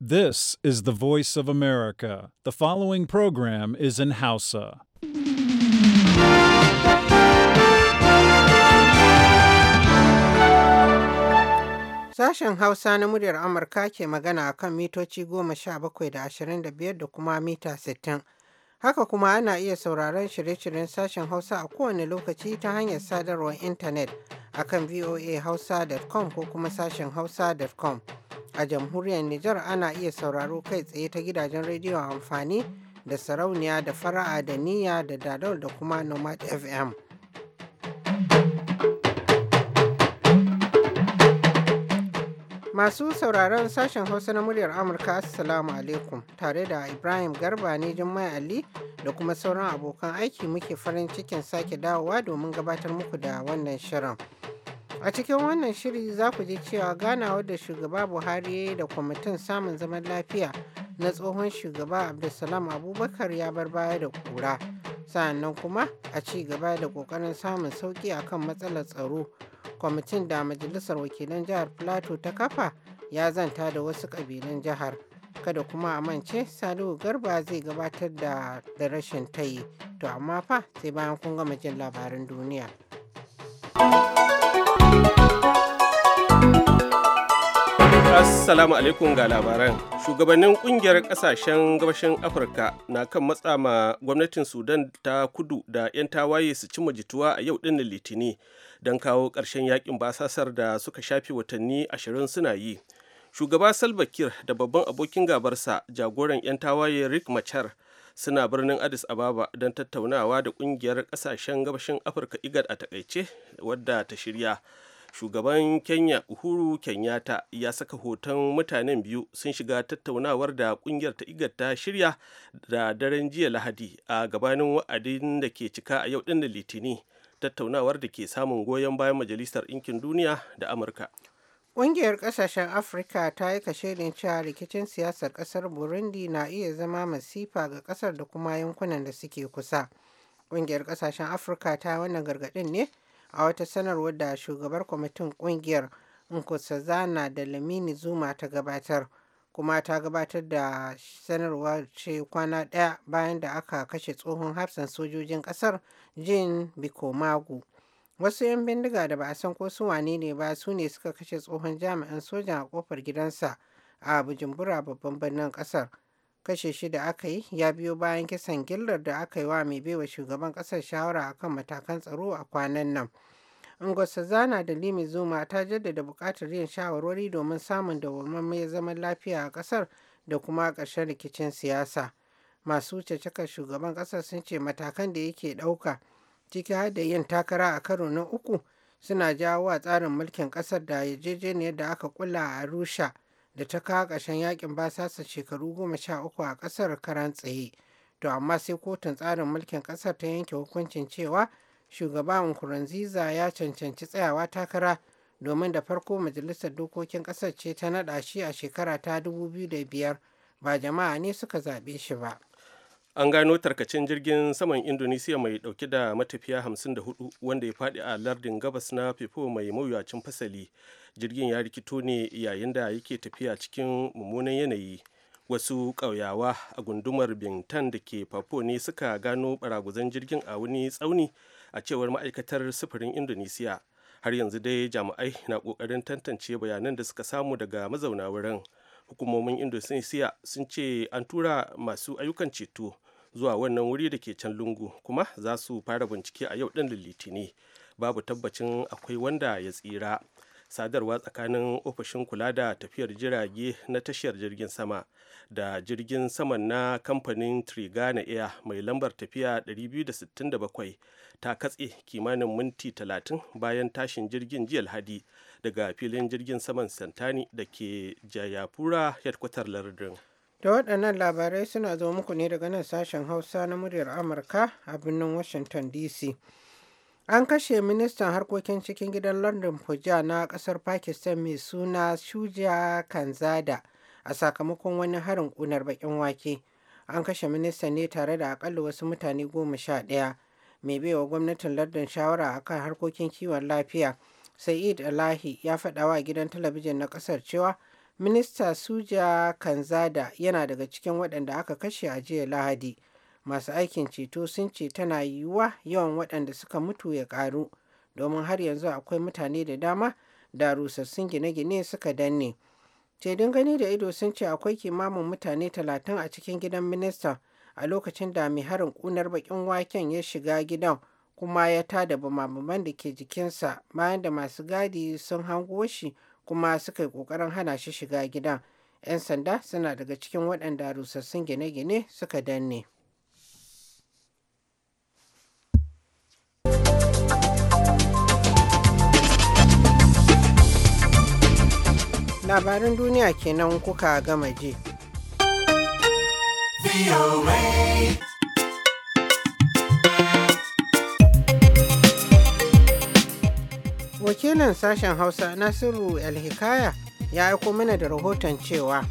This is the voice of America. The following program is in Hausa. Sashen Hausa na muryar Amurka ke magana a kan mitoci goma sha bakwai da ashirin da biyar da kuma mita sittin. Haka kuma ana iya sauraron shirye-shiryen sashen Hausa a kowane lokaci ta hanyar sadarwar intanet a kan voahausa.com ko kuma sashen hausa.com. A jamhuriyar Nijar ana iya sauraro kai tsaye ta gidajen rediyo amfani da sarauniya da fara'a da niyya da dadau da kuma nomad FM. Masu sauraron sashen Hausa na muryar Amurka Assalamu alaikum tare da Ibrahim Garba ne Jummai Ali da kuma sauran abokan aiki muke farin cikin sake dawowa domin gabatar muku da wannan shirin. A cikin wannan shiri za ku ji cewa ganawar da shugaba Buhari da kwamitin samun zaman lafiya na tsohon shugaba Abdulsalam Abubakar ya bar baya da kura. Sa'annan kuma a ci gaba da ƙoƙarin samun sauƙi akan matsalar tsaro kwamitin da majalisar wakilan jihar plateau ta kafa ya zanta da wasu ƙabilun jihar kada kuma a mance salihu garba zai gabatar da da rashin tayi to amma fa sai bayan kun gama jin labarin duniya assalamu alaikum ga labaran shugabannin kungiyar kasashen gabashin afirka na kan matsa ma gwamnatin sudan ta kudu da 'yan tawaye su cimma jituwa a yau ɗin litini don kawo ƙarshen yakin basasar da suka shafi watanni ashirin suna yi shugaba salva kiir da babban abokin gabarsa jagoran 'yan tawaye rick machar suna birnin addis ababa don tattaunawa da kungiyar kasashen gabashin afirka igad a takaice wadda ta shirya shugaban kenya uhuru kenyatta ya saka hoton mutanen biyu sun shiga tattaunawar da kungiyar ta igar shirya da daren jiya lahadi a gabanin wa'adin da ke cika a yau din da litini tattaunawar da ke samun goyon bayan majalisar ɗinkin duniya da amurka Ƙungiyar ƙasashen Afirka ta yi kashe ne cewa rikicin siyasar ƙasar Burundi na iya zama masifa ga ƙasar da kuma yankunan da suke kusa. Ƙungiyar ƙasashen Afirka ta wannan gargaɗin ne a wata sanarwar da shugabar kwamitin kungiyar nkosazana da lamini zuma ta gabatar kuma ta gabatar da sanarwa ce kwana ɗaya bayan da aka kashe tsohon hafsan sojojin ƙasar jin bikomagu wasu 'yan bindiga da ba a san ko su wane ne ba su ne suka kashe tsohon jami'an sojan a kofar gidansa a bujumbura babban birnin ƙasar kashe shi da aka yi ya biyo bayan kisan gillar da aka yi wa mai baiwa shugaban kasar shawara akan matakan tsaro a kwanan nan Ngosazana da Limi Zuma ta jaddada buƙatar yin shawarwari domin samun dawwammammen zaman lafiya a ƙasar da kuma ƙarshen rikicin siyasa. Masu cacakar shugaban ƙasar sun ce matakan da yake ɗauka ciki har da yin takara a karo na uku suna jawo wa tsarin mulkin ƙasar da yarjejeniyar da aka kula a Arusha da ta kawo ƙarshen yakin basasa shekaru goma sha uku a ƙasar karan tsaye to amma sai kotun tsarin mulkin ƙasar ta yanke hukuncin cewa shugaba nkurunziza ya cancanci tsayawa takara domin da farko majalisar dokokin ƙasar ce ta naɗa shi a shekara ta 2005 ba jama'a ne suka zaɓe shi ba. an gano tarkacin jirgin saman indonesiya mai dauke da matafiya 54 wanda ya fadi a lardin gabas na fifo mai mawuyacin fasali jirgin ya rikito ne yayin da yake tafiya cikin mummunan yanayi wasu ƙauyawa a gundumar bintan da ke fafo ne suka gano baraguzan jirgin a wani tsauni a cewar ma'aikatar sufurin indonesiya har yanzu dai jami'ai na ƙoƙarin tantance bayanan da suka samu daga mazauna wurin hukumomin indonesiya sun ce an tura masu ayyukan ceto zuwa wannan wuri da ke can lungu kuma za su fara bincike a yau ɗin litini babu tabbacin akwai wanda ya tsira sadarwa tsakanin ofishin kula da tafiyar jirage na tashiyar jirgin sama da jirgin saman na kamfanin trigana air mai lambar tafiya 267 ta katse kimanin minti 30 bayan tashin jirgin jiya alhadi daga filin jirgin saman santani da ke jayapura headkwatar lardin da waɗannan labarai suna zo muku ne daga nan sashen hausa na muryar amurka a birnin washington dc An kashe ministan harkokin cikin gidan London Puja na kasar Pakistan mai suna Shuja Kanzada a sakamakon wani harin kunar bakin wake. An kashe ministan ne tare da akalla wasu mutane goma sha ɗaya. Mai baiwa gwamnatin London shawara akan harkokin kiwon lafiya. Sa'id Alahi ya faɗa wa gidan talabijin na ƙasar cewa Minista Suja Kanzada yana daga cikin waɗanda aka kashe a jiya Lahadi. masu aikin ceto sun ce tana yiwuwa yawan waɗanda suka mutu ya ƙaru domin har yanzu akwai mutane da dama da rusassun gine-gine suka danne cedin gani da ido sun ce akwai kimamin mutane talatin a cikin gidan minista a lokacin da mai harin kunar bakin waken ya shiga gidan kuma ya tada bumabuman da ke jikinsa bayan da masu gadi sun hango shi kuma suka yi kokarin hana shi shiga gidan 'yan sanda suna daga cikin waɗanda rusassun gine-gine suka danne. Labarin duniya kenan kuka gama ji. wakilin sashen hausa nasiru alhikaya ya aiko mana da rahoton cewa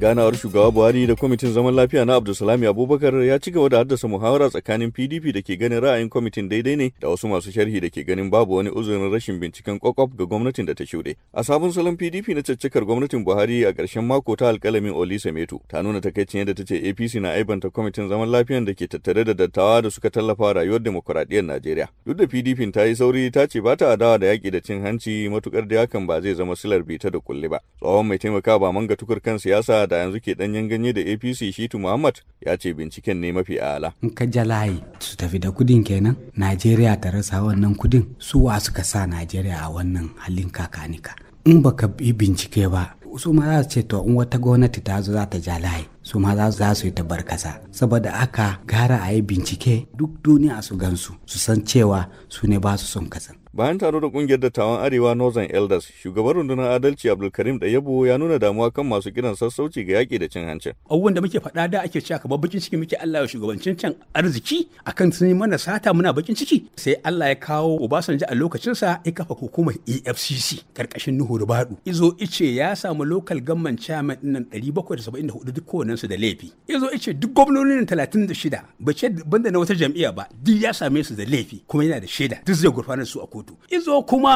ganawar shugaba buhari da kwamitin zaman lafiya na abdulsalami abubakar ya ci gaba da haddasa muhawara tsakanin pdp da ke ganin ra'ayin kwamitin daidai ne da wasu masu sharhi da ke ganin babu wani uzurin rashin binciken kwakwaf ga gwamnatin da ta shuɗe a sabon salon pdp na caccakar gwamnatin buhari a ƙarshen mako ta alƙalamin olisa metu ta nuna takaicin yadda ta ce apc na aibanta kwamitin zaman lafiyan da ke tattare da dattawa da suka tallafa rayuwar demokuraɗiyyar najeriya duk da pdp ta yi sauri ta ce ba ta adawa da yaƙi da cin hanci matuƙar da hakan ba zai zama silar bita da kulle ba tsohon mai taimaka ba manga tukur kan siyasa da yanzu ke danyen ganye da apc shitu muhammad ya ce binciken ne mafi ala in ka jalaye su tafi da kudin kenan najeriya ta rasa wannan kudin su wa suka sa najeriya a wannan halin kakanika in baka yi bincike ba su ma za su ce to in wata gwamnati ta zo za ta ja lahai su ma za su yi tabarkasa saboda aka gara a yi bincike duk duniya su gansu su san cewa su ne ba su son kasan Bayan taro da kungiyar dattawan Arewa Northern Elders, shugaban rundunar adalci Abdulkarim da Yabo ya nuna damuwa kan masu kiran sassauci ga yaƙi da cin hancin. Abubuwan da muke faɗa da ake cewa kamar bakin ciki muke Allah ya shugabancin can arziki akan sun yi mana sata muna bakin ciki sai Allah ya kawo Obasanjo a lokacinsa ya kafa hukumar EFCC karkashin Nuhu Rubadu. Izo ice ya samu local gamman chairman ɗinnan 774 duk kowannensu da laifi. Izo ice duk gwamnonin 36 bace banda na wata jam'iyya ba duk ya same su da laifi kuma yana da shaida duk zai gurfanar su a ko kotu izo kuma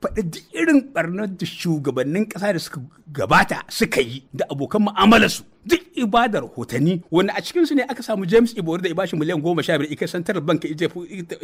faɗi duk irin ɓarnar da shugabannin ƙasa da suka gabata suka yi da abokan mu'amalarsu duk ibadar hotani wanda a su ne aka samu james ibori da ibashi miliyan goma sha biyar ikai santar banka ita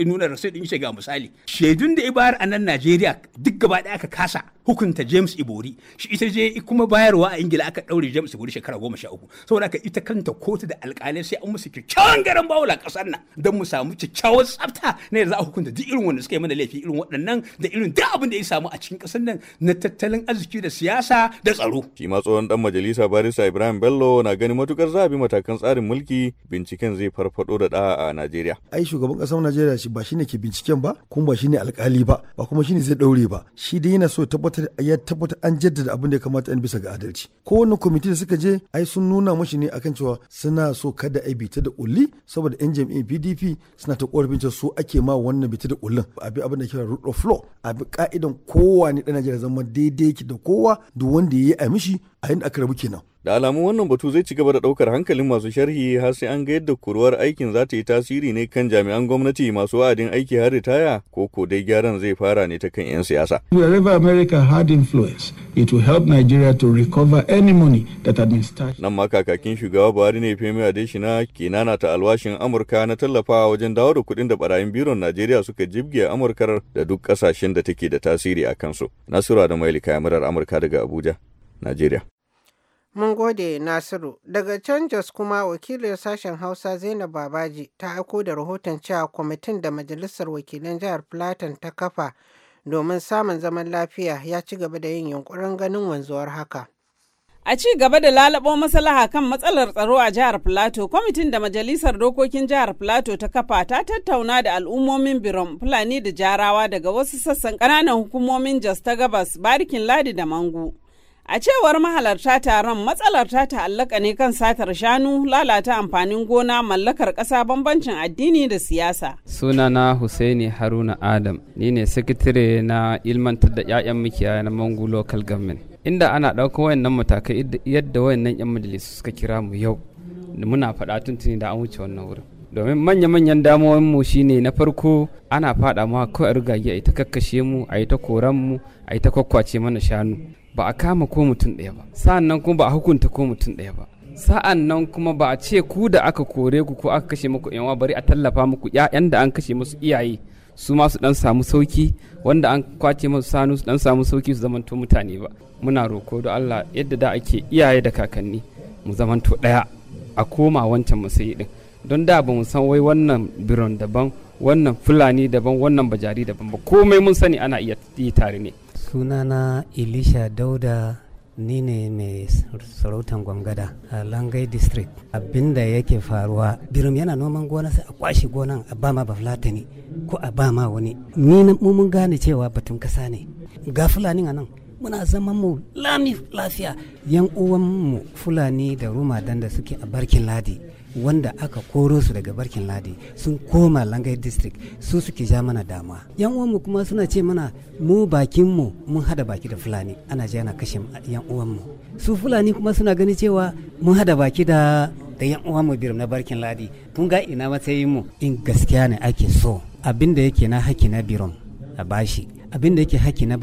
nuna rasu din ga misali shaidun da ibayar a nan najeriya duk gaba ɗaya aka kasa hukunta james ibori shi ita je kuma bayarwa a ingila aka daure james ibori shekara goma sha uku saboda aka ita kanta kotu da alƙalai sai an musu kyakkyawan garan bawula kasar nan don mu samu kyakkyawan tsafta ne da za a hukunta duk irin wanda suka yi mana laifi irin waɗannan da irin duk abin da ya samu a cikin ƙasar nan na tattalin arziki da siyasa da tsaro. shi ma tsohon dan majalisa barista ibrahim bello Bello na ganin matukar za a bi matakan tsarin mulki binciken zai farfado da da'a a Najeriya. Ai shugaban kasar Najeriya shi ba shine ke binciken ba kuma ba shine alkali ba ba kuma shine zai daure ba shi dai yana so tabbatar ya tabbatar an jaddada abin da ya kamata an bisa ga adalci. ko Kowane kwamiti da suka je ai sun nuna mashi ne akan cewa suna so kada ai bita da kulli saboda yan jam'iyyar PDP suna ta korafin cewa so ake ma wannan bita da kullin abi abin da kira rule of law abi ka'idan kowa ne dan Najeriya zama daidai yake da kowa duk wanda ya yi a mishi a yanda aka rabu kenan. Da alamu wannan batu zai ci gaba da ɗaukar hankalin masu sharhi har sai an ga yadda kuruwar aikin za ta yi tasiri ne kan jami'an gwamnati masu wa'adin aiki har ritaya ko ko dai gyaran zai fara ne ta kan 'yan siyasa. Wherever America had influence, it will help Nigeria to recover any money that had been stashed. Nan ma kakakin shugaba Buhari ne Femi Adesina ke nana ta alwashin Amurka na tallafawa wajen dawo da kuɗin da barayin biron Najeriya suka jibge amurka da duk ƙasashen da take da tasiri a kansu. Nasiru da Maili Kayamarar Amurka daga Abuja, Najeriya. Mun gode Nasiru. Daga can Jos kuma wakilin sashen Hausa Zainab Babaji ta aiko da rahoton cewa kwamitin da Majalisar Wakilan Jihar Platon ta kafa domin samun zaman lafiya ya ci gaba da yin yunkurin ganin wanzuwar haka. A ci gaba da lalabo maslaha kan matsalar tsaro a jihar Filato, kwamitin da Majalisar Dokokin jihar Filato ta kafa ta tattauna da al'ummomin Birom, Fulani da Jarawa daga wasu sassan ƙananan hukumomin Jos ta Gabas, Barikin Ladi da Mangu. A cewar mahalarta taron matsalar ta ta'allaka ne kan satar shanu, lalata amfanin gona, mallakar kasa bambancin addini da siyasa. Sunana Husaini Haruna Adam, ni ne sakitare na ilmantar da 'ya'yan mikiya na Mangu Local Government. Inda ana ɗaukar wayannan matakai yadda wayannan 'yan majalisu suka kira mu yau, muna faɗa tuntuni da an wuce wannan wurin. domin manya-manyan mu shi ne na farko ana faɗa ma kawai rigage a ita kakkashe mu a ita koran mu a ita kwakwace mana shanu ba a kama ko mutum ɗaya ba sa'an nan kuma ba a hukunta ko mutum ɗaya ba sa'an nan kuma ba a ce ku da aka kore ku ko aka kashe muku yawa bari a tallafa muku ƴaƴan da an kashe musu iyaye su ma su dan samu sauki wanda an kwace musu sanu su dan samu sauki su zamanto mutane ba muna roko da Allah yadda da ake iyaye da kakanni mu zamanto ɗaya a koma wancan masayi din don da ba mu san wai wannan biron daban wannan fulani daban wannan bajari daban ba komai mun sani ana iya tare ne sunana Elisha dauda ni ne mai sarautan gwangada a langai district abinda yake faruwa birim yana noman gona sai a kwashe gonan a bama ba ne ko a bama wani ni mun gane cewa batun kasa ne ga fulani a nan muna zaman mu lami lafiya yan uwanmu fulani da rumadan da suke a barkin ladi wanda aka koro su daga barkin ladi sun koma langai district su suke ja mana dama yan uwanmu kuma suna ce mana mu bakin mu mun hada baki da fulani ana ji yana kashe yan uwanmu su fulani kuma suna gani cewa mun hada baki da da yan uwanmu birim na barkin ladi kun ga ina matsayin mu in gaskiya ne ake so abin da yake na haki na birom a bashi abin da yake haki na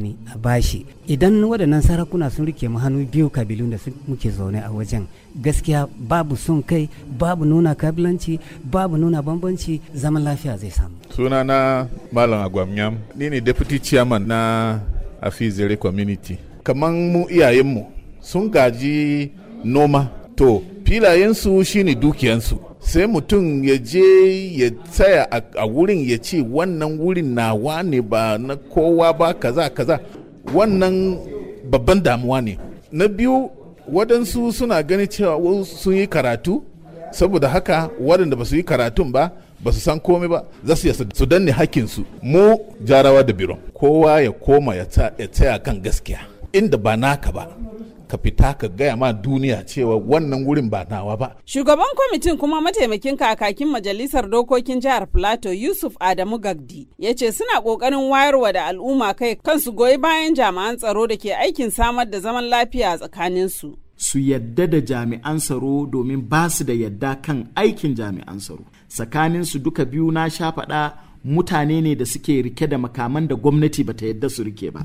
ne a bashi idan waɗannan sarakuna sun rike mu hannu biyu kabilu da muke zaune a wajen gaskiya babu sun kai babu nuna kabilanci babu nuna bambanci zaman lafiya zai samu suna na malam agwamnyam ni ne deputy chairman na afizere community kamar mu iyayenmu sun gaji noma to filayensu shi ne dukiyansu sai mutum ya je ya tsaya a wurin ya ce wannan wurin nawa ne ba na kowa ba kaza kaza wannan babban damuwa ne na biyu waɗansu suna gani cewa sun yi karatu saboda haka waɗanda ba su yi karatun ba ba su san komai ba za su su danne hakinsu mu jarawa da biro kowa ya koma ya tsaya kan gaskiya inda ba naka ba ka fita ka gaya ma duniya cewa wannan wurin ba nawa ba. Shugaban kwamitin kuma mataimakin kakakin majalisar dokokin jihar Plateau Yusuf Adamu Gagdi ya ce suna kokarin wayarwa da al'umma kai kansu goyi bayan jami'an tsaro da ke aikin samar da zaman lafiya tsakanin su. su yadda da jami'an tsaro domin ba su da yadda kan aikin jami'an tsaro tsakanin su duka biyu na sha faɗa mutane ne da suke rike da makaman da gwamnati bata yadda su rike ba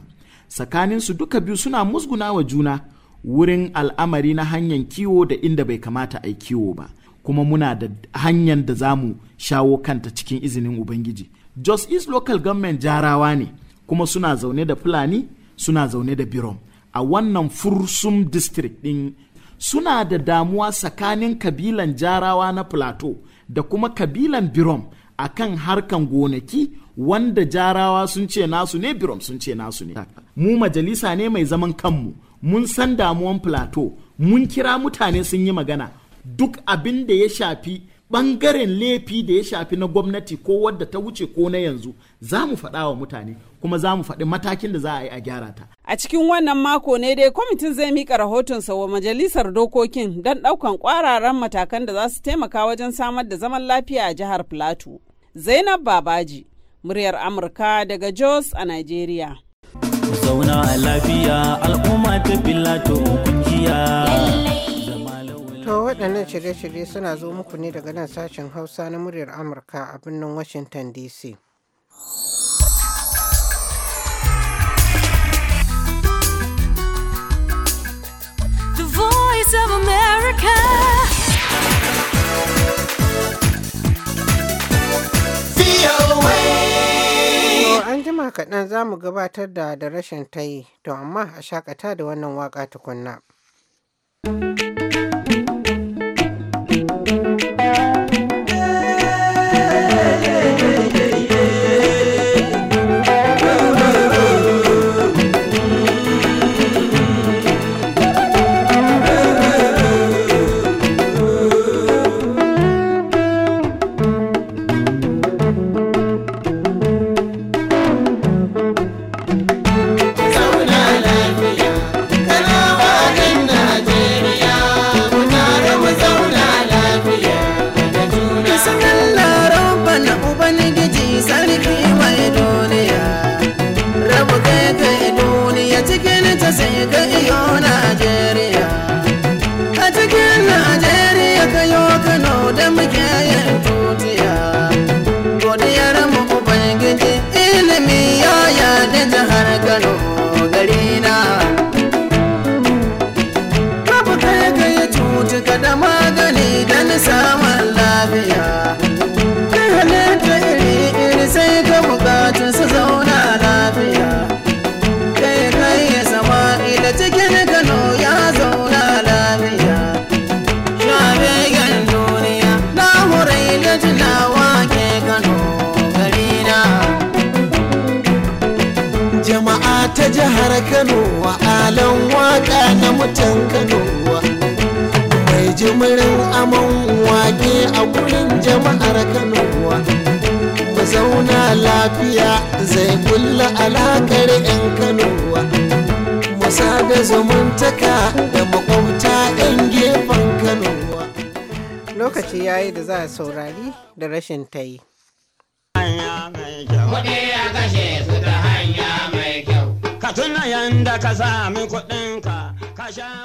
tsakanin su duka biyu suna musguna wa juna wurin al'amari na hanyar kiwo da inda bai kamata a yi kiwo ba kuma muna da hanyar da za mu shawo kanta cikin izinin ubangiji jos east local government jarawa ne kuma suna zaune da fulani suna zaune da birom a wannan fursum district ɗin suna da damuwa tsakanin kabilan jarawa na plateau da kuma kabilan birom a kan harkan gonaki wanda jarawa sun ce nasu ne birom sun ce nasu ne mu majalisa ne mai zaman kanmu mun san damuwan plateau mun kira mutane sun yi magana duk abin da ya shafi bangaren laifi da ya shafi na gwamnati ko wadda ta wuce ko na yanzu za mu faɗa wa mutane kuma za mu faɗi matakin da za a yi a gyara ta. A cikin wannan mako ne dai kwamitin zai mika rahotonsa wa majalisar dokokin don ɗaukan ƙwararan matakan da za su taimaka wajen samar da zaman lafiya a jihar Plateau. Zainab Babaji, muryar Amurka daga Jos a nigeria. mu zauna lafiya al'umma ta filato To waɗannan shirye-shirye suna zo muku ne daga nan sashen Hausa na muryar Amurka a birnin Washington DC. The Voice of America. an jima kaɗan za mu gabatar da da rashin tayi, to amma a shakata da wannan waƙa tukunna. salon waka na mutan kanowa mai jimirin amon wake a gurin jama'ar kanowa Ba zauna lafiya zai kulla alakar 'yan kanowa mu da zumuntaka da makwabta 'yan gefen kanowa lokaci ya yi da za a saurari da rashin ta yi. Kuɗi ya kashe suka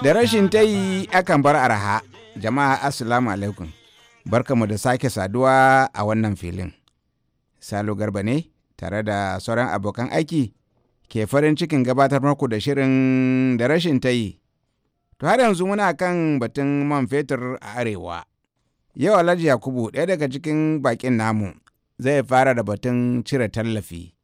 da rashin ta yi akan bar araha jama'a assalamu alaikum mu da sake saduwa a wannan filin salo garba ne tare da sauran abokan aiki ke farin cikin gabatar muku da shirin da rashin ta yi to har yanzu muna kan batun man fetur a arewa yau alhaji yakubu ɗaya daga cikin bakin namu zai fara da batun cire tallafi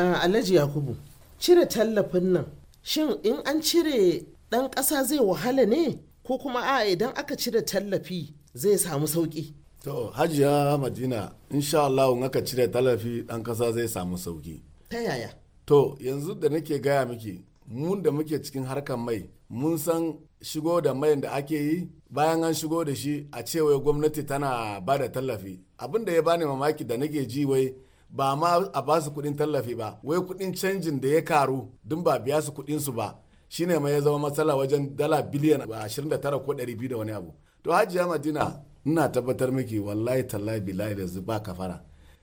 ah, alhaji yakubu cire tallafin nan shin in an cire ɗan ƙasa zai wahala ne ko kuma a idan aka cire tallafi zai samu sauƙi to hajiya madina insha Allah in aka cire tallafi ɗan ƙasa zai samu sauƙi ta yaya to yanzu da nake gaya miki mun da muke cikin harkar mai mun san shigo da mai da ake yi bayan an shigo da shi a cewa gwamnati tana ba da tallafi abin da ya bani mamaki da nake ji wai ba ma a ba su kuɗin tallafi ba wai kuɗin canjin da ya karu dun ba biya su kuɗin su ba shine mai ya zama matsala wajen dala biliyan 29 ko 200 da wani abu to hajiya madina ina tabbatar miki wallahi tallahi bilahi da ba kafara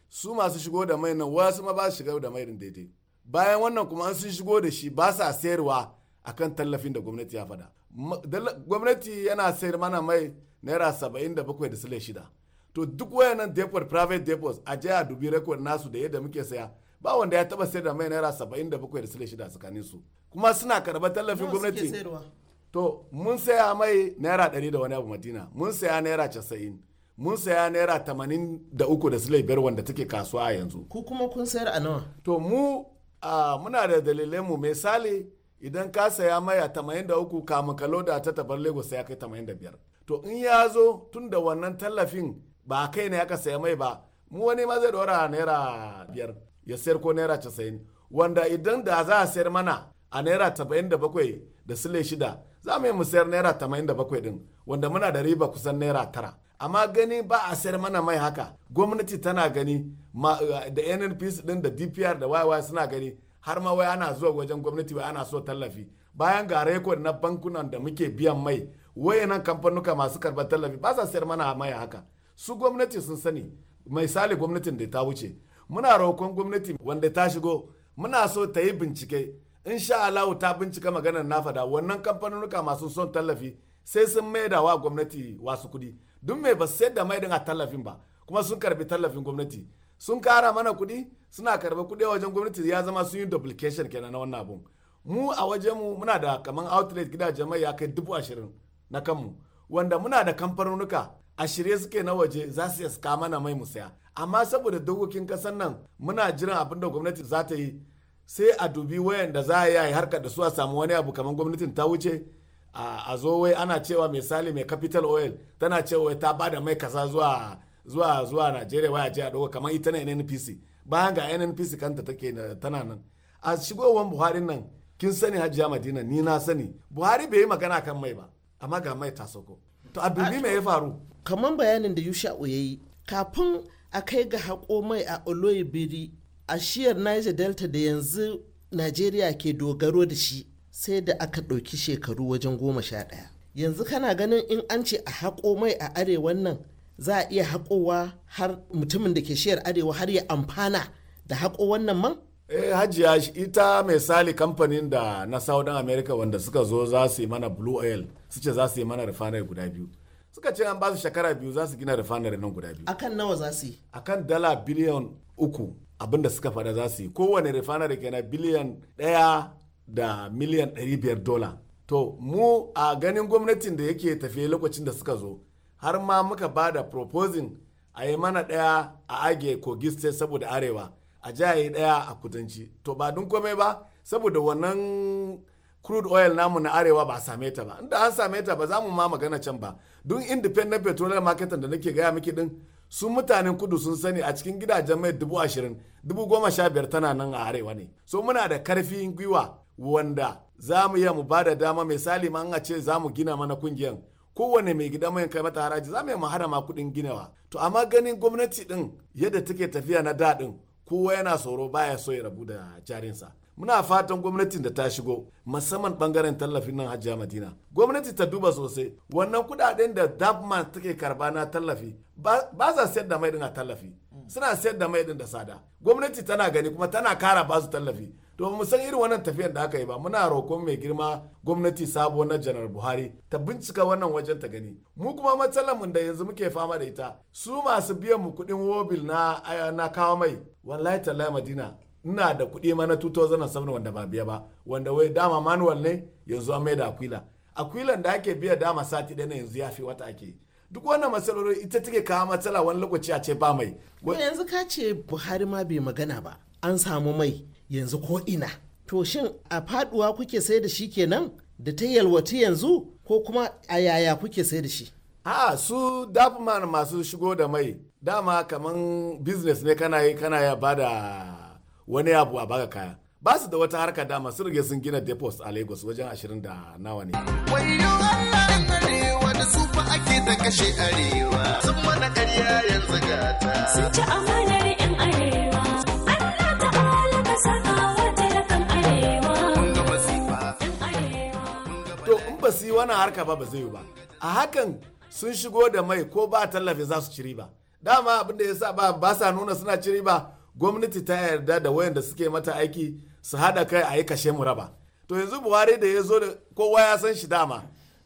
su masu shigo da mai nan wasu ma ba su shiga da mai daidai bayan wannan kuma an sun shigo da shi ba sa sayarwa akan tallafin da gwamnati ya faɗa gwamnati yana sayar mana mai naira 77 da sule shida to duk wayannan depot private depots a je a dubi record nasu da yadda muke saya ba wanda ya taba sayar da mai naira saba'in da bakwai da sule shida tsakanin su kuma suna karɓar tallafin gwamnati to mun saya mai naira ɗari da wani abu madina mun saya naira casa'in mun saya naira tamanin da uku da sule biyar wanda take kasuwa a yanzu ku kuma kun sayar a nawa to mu muna da dalilai mu misali idan ka saya mai a tamanin da uku kamun kalo da ta tabar lagos ya kai tamanin da biyar to in ya zo tun da wannan tallafin ba kai ne aka saya mai ba mu wani ma zai dora naira biyar ya sayar ko naira casa'in wanda idan da za a sayar mana a naira saba'in da bakwai da sile shida za mu yi mu sayar naira tamanin da bakwai din wanda muna da riba kusan naira tara amma gani ba a sayar mana mai haka gwamnati tana gani da nnpc din da dpr da yy suna gani har ma wai ana zuwa wajen gwamnati wai ana so tallafi bayan ga rekod na bankunan da muke biyan mai wayannan kamfanuka masu karbar tallafi ba sa sayar mana mai haka su gwamnati sun sani misali gwamnatin da ta wuce muna roƙon gwamnati wanda ta shigo muna so ta yi bincike in sha Allahu ta bincika maganar na fada wannan kamfanonuka masu son tallafi sai sun maida wa gwamnati wasu kuɗi duk mai ba sai da maida a tallafin ba kuma sun karbi tallafin gwamnati sun kara mana kuɗi suna karɓi kuɗi wajen gwamnati ya zama sun yi duplication kenan na wannan abun mu a wajen mu muna da kaman outlet gidajen mai ya kai dubu ashirin na kanmu wanda muna da kamfanonuka a shirye suke na waje za su iska mana mai mu saya amma saboda dokokin kasan nan muna jiran abin da gwamnati za ta yi sai a dubi wayan da za a yi harkar da su a samu wani abu kamar gwamnatin ta wuce a zo wai ana cewa misali mai capital oil tana cewa ta ba da mai kasa zuwa zuwa zuwa najeriya waya je a dogo kamar ita na nnpc bayan ga nnpc kanta take tana nan a shigowar buhari nan kin sani hajiya madina ni na sani buhari bai yi magana kan mai ba amma ga mai ta sauko to a dubi mai ya faru kamar bayanin da yusha ya yi kafin a kai ga haƙo mai a oloibiri a shiyar niger delta da yanzu nigeria ke dogaro da shi sai da aka ɗauki shekaru wajen goma sha ɗaya yanzu kana ganin in an ce a haƙo mai a arewan nan za a iya haƙowa har mutumin da ke shiyar arewa har ya amfana da haƙo wannan man eh hajiya ita misali kamfanin da na saudin america wanda suka zo za su yi mana blue oil su ce za su yi mana refinery guda biyu suka ce an ba su shekara biyu za su gina refinery nan guda biyu akan nawa za su yi akan dala biliyan uku abinda suka faɗa za su yi kowane refinery kenan biliyan ɗaya da miliyan ɗari biyar dola to mu a ganin gwamnatin da yake tafiye lokacin da suka zo har ma muka ba da proposing a yi mana ɗaya a age kogi state saboda arewa a jihar ɗaya a kudanci to ba dun komai ba saboda wannan crude oil namu na arewa ba a same ta ba inda an same ta ba za mu ma magana can ba don independent petroleum market da nake gaya miki din su mutanen kudu sun sani a cikin gidajen mai dubu ashirin dubu goma sha biyar tana nan a arewa ne so muna da karfin gwiwa wanda za mu iya mu bada dama misali ma a ce za mu gina mana kungiyan kowane mai gida mai kai mata haraji za mu mu hada ma kudin ginawa to amma ganin gwamnati din yadda take tafiya na daɗin kowa yana tsoro baya so ya rabu da jarinsa muna fatan gwamnatin da ta shigo musamman bangaren tallafin nan hajjiya madina gwamnati ta duba sosai wannan kudaden da dabma take karba na tallafi ba za sayar da mai din a tallafi suna sayar da mai da sada gwamnati tana gani kuma tana kara basu tallafi to mu san irin wannan tafiyar da aka yi ba muna roƙon mai girma gwamnati sabo na janar buhari ta bincika wannan wajen ta gani mu kuma matsalar da yanzu muke fama da ita su masu biyan mu kuɗin wobil na na kawo mai wallahi tallahi madina ina da kuɗi ma na 2007 wanda ba biya ba wanda wai dama manual ne yanzu an da akwila akwilan da ake biya dama sati ɗaya yanzu ya fi wata ake duk wannan matsalolin ita take kawo matsala wani lokaci a ce ba mai yanzu ka ce buhari ma bai magana ba an samu mai yanzu ko ina to shin a faduwa kuke sai da shi kenan da ta yalwaci yanzu ko kuma a yaya kuke sai da shi a su dafman masu shigo da mai dama kaman business ne kana yi kana ya bada wani abu a baga kaya ba su da wata harka dama sun rage sun gina depots a lagos wajen ashirin da nawa ne to in ba yi wani harka ba ba zai yi ba a hakan sun shigo da mai ko ba tallafi za su ciri ba dama abinda da ya sa ba sa nuna suna ciri ba. gwamnati ta yarda da wayanda suke mata aiki su haɗa kai a yi kashe mu raba to yanzu buhari da ya zo da kowa ya san shi dama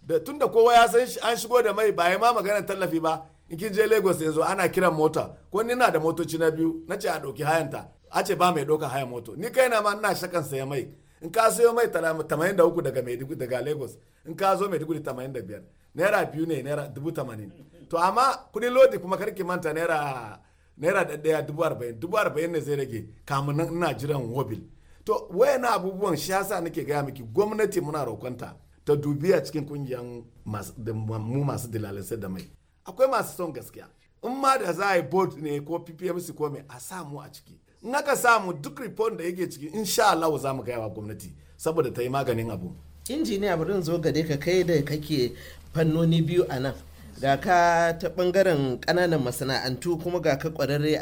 da tun da kowa ya san shi an shigo da mai ba ya ma magana tallafi ba in kin je lagos yanzu ana kiran mota ko ni na da motoci na biyu na ce a ɗauki hayanta a ce ba mai ɗauka hayan moto ni kaina ma ina shakan saya mai in ka sayo mai tamanin da uku daga maiduguri daga lagos in ka zo maiduguri tamanin da biyar naira biyu ne naira dubu tamanin to amma kudin lodi kuma karki manta naira naira ɗaya dubu arba'in dubu arba'in ne zai rage kamun na jiran wobil to na abubuwan shi yasa nake gaya miki gwamnati muna rokonta ta dubi a cikin kungiyan mu masu sai da mai akwai masu son gaskiya in ma da za a yi board ne ko ppmc ko mai a samu a ciki in aka samu duk report da yake ciki insha Allah za mu gaya wa gwamnati saboda ta yi maganin abu injiniya bari zo gare ka kai da kake fannoni biyu a nan ga ka ta bangaren ƙananan masana'antu kuma ga ka kwararre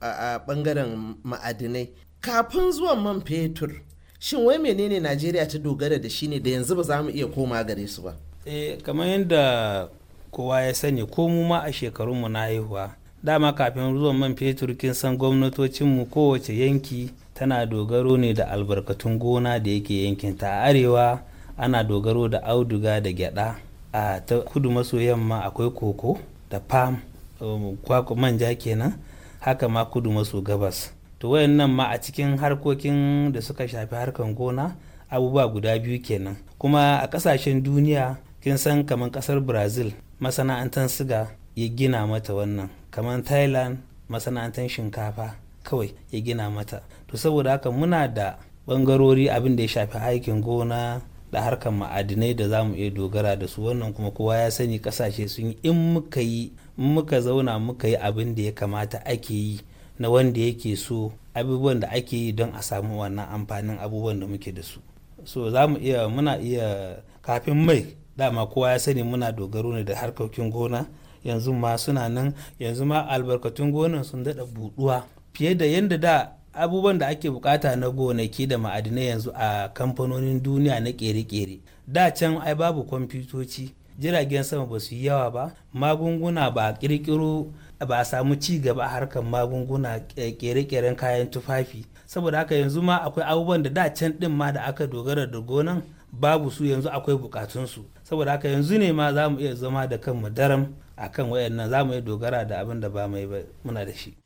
a bangaren ma'adinai kafin zuwan man fetur shin wai menene najeriya ta dogara da shi ne da yanzu ba za mu iya koma gare su ba eh kamar yadda kowa ya sani ko mu ma a shekarunmu na haihuwa dama kafin zuwan man fetur kin san gwamnatocinmu kowace yanki tana dogaro ne da albarkatun gona da yake yankinta a arewa ana dogaro da auduga da gyada a ta kudu maso yamma akwai koko da palm um, kwakwa manja kenan haka ma kudu maso gabas to wayannan ma a cikin harkokin da suka shafi harkan gona abubuwa guda biyu kenan kuma a kasashen duniya kin san kamar kasar brazil masana'antar siga ya gina mata wannan kamar thailand masana'antar shinkafa kawai ya gina mata to saboda haka muna da bangarori abin da ya shafi aikin gona da harkar ma'adinai da za mu iya dogara da su wannan kuma kowa ya sani kasashe sun yi in muka yi muka zauna muka yi abin da ya kamata ake yi na wanda yake so abubuwan da ake yi don a samu wannan amfanin abubuwan da muke da su so za mu iya muna iya kafin mai dama kowa ya sani muna dogaro ne da harkokin gona yanzu ma suna nan yanzu ma albarkatun gonan sun daɗa buɗuwa fiye da yadda da abubuwan da ake bukata na gonaki da ma'adinai yanzu a kamfanonin duniya na kere-kere da can ai babu kwamfutoci jiragen sama ba su yi yawa ba magunguna ba kirkiro ba a samu ci gaba a harkar magunguna eh, kere-keren kayan tufafi saboda haka yanzu ma akwai abubuwan da da can din ma da aka dogara da gonan babu su yanzu akwai bukatunsu saboda haka yanzu ne ma za mu iya zama da kanmu daram akan wayannan za mu iya dogara da abin da ba mai muna da shi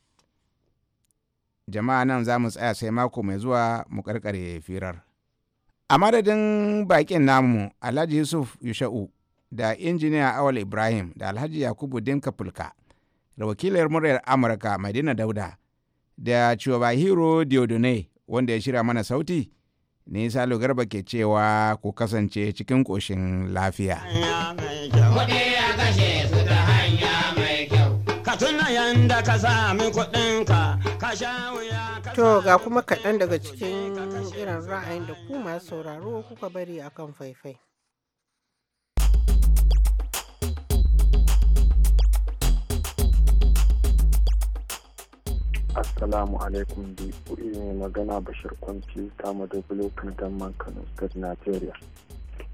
jama'a nan za mu tsaya sai mako mai zuwa mu karkare firar a madadin bakin namu alhaji yusuf yusha'u da injiniya awal ibrahim da alhaji yakubu dinka fulka da wakilar muryar amurka madina dauda da hero diodone wanda ya shirya mana sauti ni salo garba ke cewa ku kasance cikin ƙoshin lafiya ka tuna yanda ka sami kuɗinka To ga kuma kaɗan daga cikin irin ra'ayin da ku masu sauraro kuka bari a kan faifai. Assalamu alaikum bi mai magana Bashir Kwanci kama da Bulokan Gamman Kano Nigeria.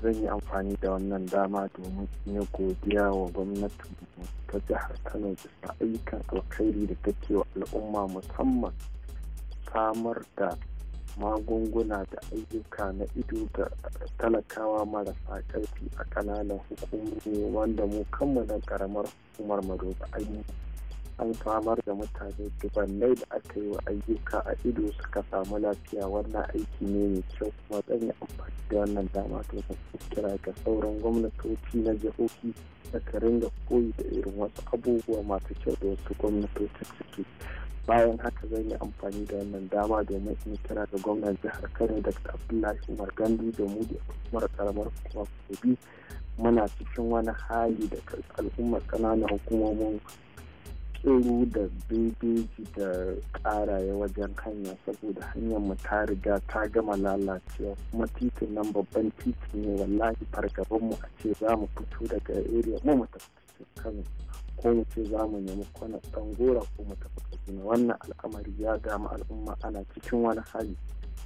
zan yi amfani da wannan dama domin in godiya wa gwamnatin ta jihar kano bisa ayyukan alkhairi da take wa al'umma musamman samar da magunguna da ayyuka na ido da talakawa marasa ƙarfi a kananan hukumomi wanda mu kanmu karamar ƙaramar hukumar madoba ayyuka an samar da mutane dubannai da aka yi wa ayyuka a ido suka samu lafiya wannan aiki ne mai kyau kuma zan yi amfani da wannan dama to kira ga sauran gwamnatoci na jihohi da ka ringa koyi da irin wasu abubuwa masu kyau da wasu gwamnatoci suke bayan haka zan yi amfani da wannan dama domin in kira ga gwamnan jihar kano dr abdullahi umar gandu da mu da hukumar karamar kuma kobi muna cikin wani hali da al'ummar ƙananan hukumomin tsiro da bebeji da karaye wajen hanya saboda hanyar mu ta riga ta gama lalacewa kuma titin nan babban titi ne wallahi fargaban mu a ce za mu fito daga area mu mu tafi cikin kano ko mu ce za mu nemi kwana gora ko mu tafi kaduna wannan al'amari ya gama al'umma ana cikin wani hali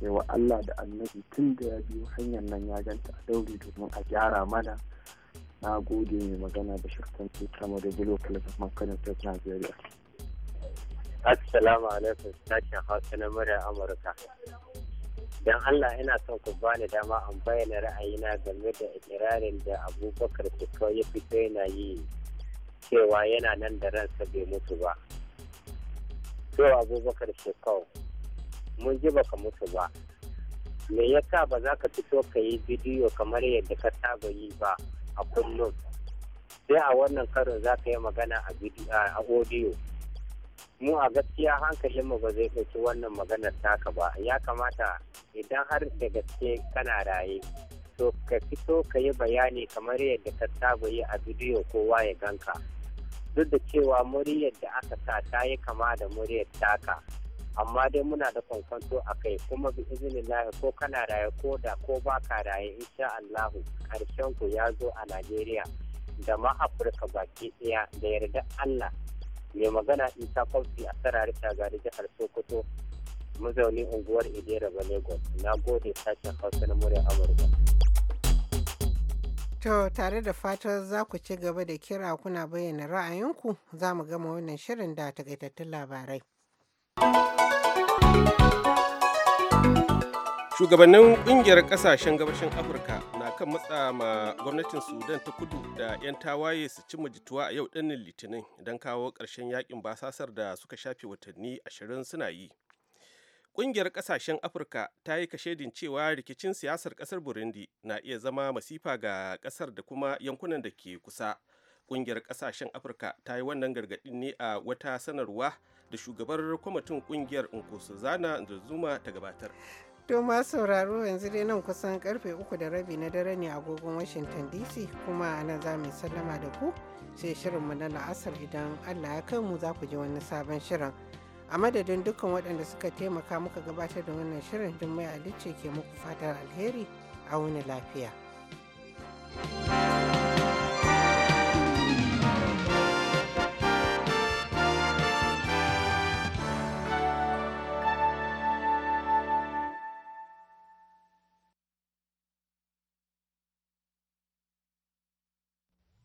yawa Allah da annabi tun da ya biyo hanyar nan ya ganta a daure domin a gyara mana na gode mai magana da shirkan tuta ma da gulo kalafin makarantar najeriya assalamu alaikum sashen hausa na murya amurka don allah ina son ku bani dama an bayyana ra'ayina game da ikirarin da abubakar tuka ya fito yana yi cewa yana nan da ransa bai mutu ba to abubakar shekau mun ji baka mutu ba me yasa ba za ka fito ka yi bidiyo kamar yadda ka saba yi ba a kullum sai a wannan karin za ka yi magana a audio mu a gaskiya mu ba zai ɗauki wannan maganar taka ba ya kamata idan har da gaske kana raye to ka fito ka yi bayani kamar yadda ka saba yi a bidiyo kowa ya ganka duk da cewa muryar da aka sa ta yi kama da muryar taka amma dai muna da kwankwanto a kai kuma bi izinin lahi ko kana raye ko da ko baka raye insha Allahu karshen ku ya zo a Najeriya da ma Afirka baki ɗaya da yarda Allah mai magana Isa Kwamfi a sarari tagari jihar Sokoto mazauni unguwar Idera Lagos na gode sashen Hausa na murya Amurka. To tare da fatar za ku ci gaba da kira kuna bayyana ra'ayinku za mu gama wannan shirin da takaitattun labarai. shugabannin kungiyar kasashen gabashin afirka na kan matsa ma gwamnatin sudan ta kudu da 'yan tawaye su ci jituwa a yau dinnin litinin don kawo ƙarshen yakin basasar da suka shafe watanni ashirin suna yi kungiyar kasashen afirka ta yi kashedin cewa rikicin siyasar kasar burundi na iya zama masifa ga kasar da kuma yankunan da ke kusa kungiyar kasashen afirka ta yi wannan gargaɗin ne a wata sanarwa da shugabar kwamitin kungiyar nkosazana da zuma ta gabatar To ma sauraro yanzu dai nan kusan karfe uku da rabi na dare ne agogon Washington DC kuma a nan za mu sallama da ku sai mu na la'asar idan Allah ya kai mu za ku ji wani sabon shirin. A madadin dukkan waɗanda suka taimaka muka gabatar da wannan shirin Jummai mai ke muku fatar alheri a wani lafiya. thank